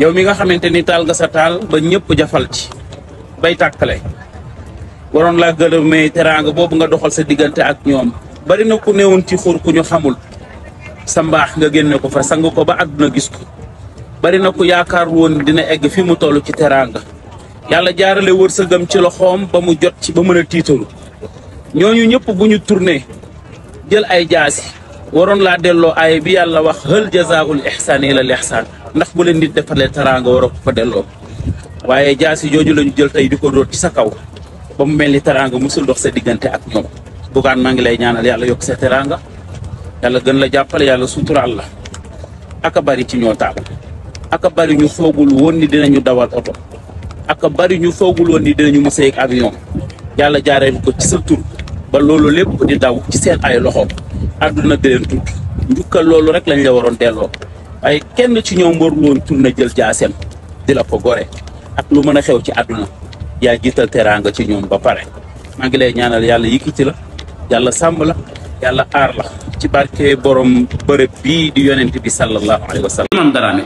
yow mi nga xamante ni taal nga sa taal ba ñëpp jafal ci bay tàkkale waroon laa gërëmee teraanga boobu nga doxal sa diggante ak ñoom bari na ku néewoon ci xur ku ñu xamul sa mbaax nga génne ko fa sang ko ba àdduna gis ko bari na ku yaakaar woon dina egg fi mu toll ci teraanga yàlla jaarale sa wërsëgam ci loxoom ba mu jot ci ba mën a tiitalu ñooñu ñëpp bu ñu tourné jël ay jaasi waroon laa delloo aaya bi yàlla wax hal jazaa'ul ihsaani ilal ihsaan ndax bu leen nit defalee teraanga war a ko delloo waaye jaasi jooju la ñu jël tey di ko dóor ci sa kaw ba mu mel ni teraanga musul dox sa diggante ak ñoom bugaan maa ngi lay ñaanal yàlla yokk sa teraanga yàlla gën la jàppale yàlla suturaal la aka bari ci ñoo taal aka bari ñu foogul woon ni dina ñu dawal oto aka bari ñu foogul woon ni dinañu mos a yegg avion yàlla jaareel ko ci sa tur ba loolu lépp di daw ci seen ay loxo àdduna di leen tudd njukkal loolu rek lañ la waroon delloo. waaye kenn ci ñoom warul woon tur na jël jaaseem di la ko gore ak lu mën a xew ci àdduna yaa jiital teraanga ci ñoom ba pare maa ngi lay ñaanal yàlla yëkkati la yàlla sàmb la yàlla aar la ci barke borom bërëb bii di yonent bi sallallahu alayhi wa sallam Imam Darame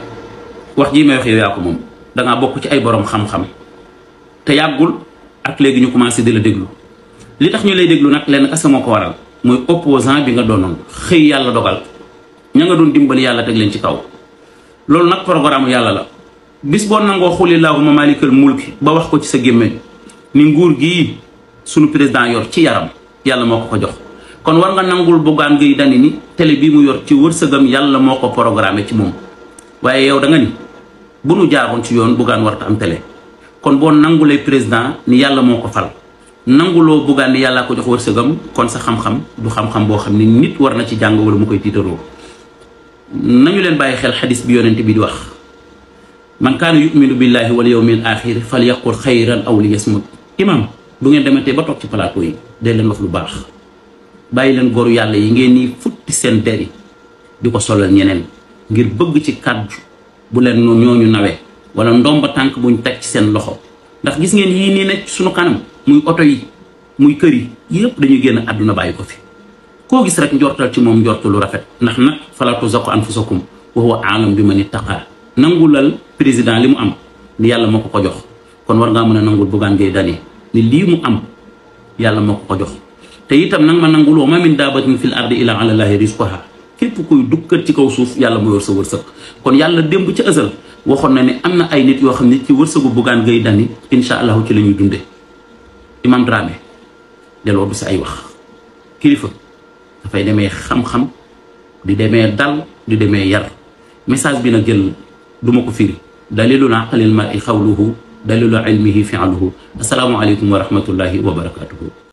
wax jii may wax yow yaa moom dangaa bokk ci ay boroom xam-xam te yàggul ak léegi ñu commencé di la déglu li tax ñu lay déglu nag lenn kese moo ko waral mooy opposant bi nga doonoon xëy yàlla dogal ña nga doon dimbali yàlla teg leen ci kaw loolu nag programme yàlla la bis boo nangoo xuli laahuma maalikal mulki ba wax ko ci sa gémmiñ ni nguur gi sunu président yor ci yaram yàlla moo ko ko jox kon war nga nangul Bougane Gueye Dany ni télé bii mu yor ci wër wërsëgam yàlla moo ko programmé ci moom waaye yow da ni bu nu jaaroon ci yoon Bougane warta am télé kon boo nangulee président ni yàlla moo ko fal nanguloo Bougane ni yàllaa ko jox wërsëgam kon sa xam-xam du xam-xam boo ni nit war na ci jàng mu koy tiitaroo nañu leen bàyyi xel xadis bi yonent bi di wax man kaana yuminu billahi wal yawmil axir fal yaqul xayran aw li yasmut imam bu ngeen dematee ba toog ci plateau yi de leen wax lu baax bàyyi leen goru yàlla yi ngeen ni futti seen deri di ko solal ñeneen ngir bëgg ci kàddu bu leen ñooñu nawee wala ndomba tànk buñ teg ci seen loxo ndax gis ngeen yii nii nekk suñu kanam muy oto yi muy kër yi yëpp dañuy génn àdduna bàyyi ko fi koo gis rek njortal ci moom njort lu rafet ndax na nag falaa tuzakku anfusakum wa huwa a'lamu bimani ttaqaa nangulal président li mu am ni yàlla moo ko ko jox kon war ngaa mën a nangul Bougane Gueye Dany ni lii mu am yàlla moo ko ko jox te itam nag ma nangul wa ma min daabatin fil ardi illa ala llahi rizquha képp kuy dukkat ci kaw suuf yàlla mu yor sa wërsëg kon yàlla démb ci ësal waxoon na ne am na ay nit yoo xam ne ci wërsëgu Bougane Gueye Dany incha allahu ci la ñuy dunde imam sa ay wax kilifa dafay demee xam-xam di demee dal di demee yar message bi nag gën du ma ko firi dalilu aqlil mar'i xawluhu dalilu ilmihi fi'luhu assalaamu aleykum wa rahmatullahi wa barakatuhu